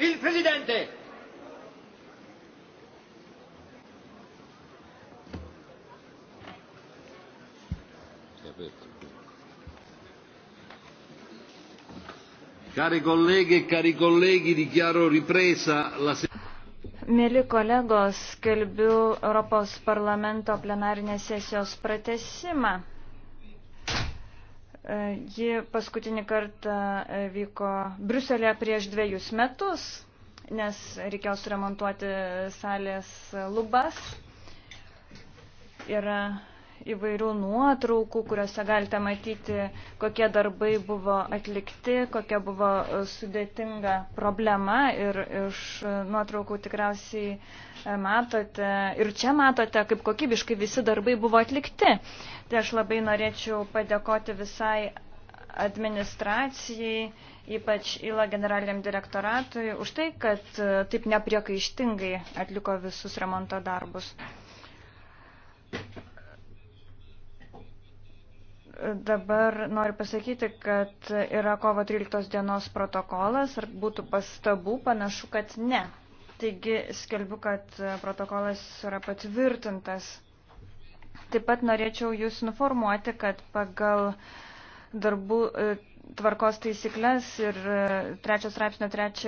Il Presidente! Care colleghe e cari colleghi, dichiaro ripresa la Mėly kolegos, skelbiu Europos parlamento plenarinės sesijos pratesimą. Ji paskutinį kartą e, vyko Bruselėje prieš dviejus metus, nes reikėjo suremontuoti salės lubas. Yra įvairių nuotraukų, kuriuose galite matyti, kokie darbai buvo atlikti, kokia buvo e, sudėtinga problema ir iš nuotraukų tikriausiai e, matote ir čia matote, kaip kokybiškai visi darbai buvo atlikti. Tai aš labai norėčiau padėkoti visai administracijai, ypač įla generaliniam direktoratui, už tai, kad e, taip nepriekaištingai atliko visus remonto darbus. Dabar noriu pasakyti, kad yra kovo 13 dienos protokolas, ar būtų pastabų, panašu, kad ne. Taigi skelbiu, kad protokolas yra patvirtintas. Taip pat norėčiau Jūs informuoti, kad pagal darbų e, tvarkos taisyklės ir e, trečios rapsnio trečią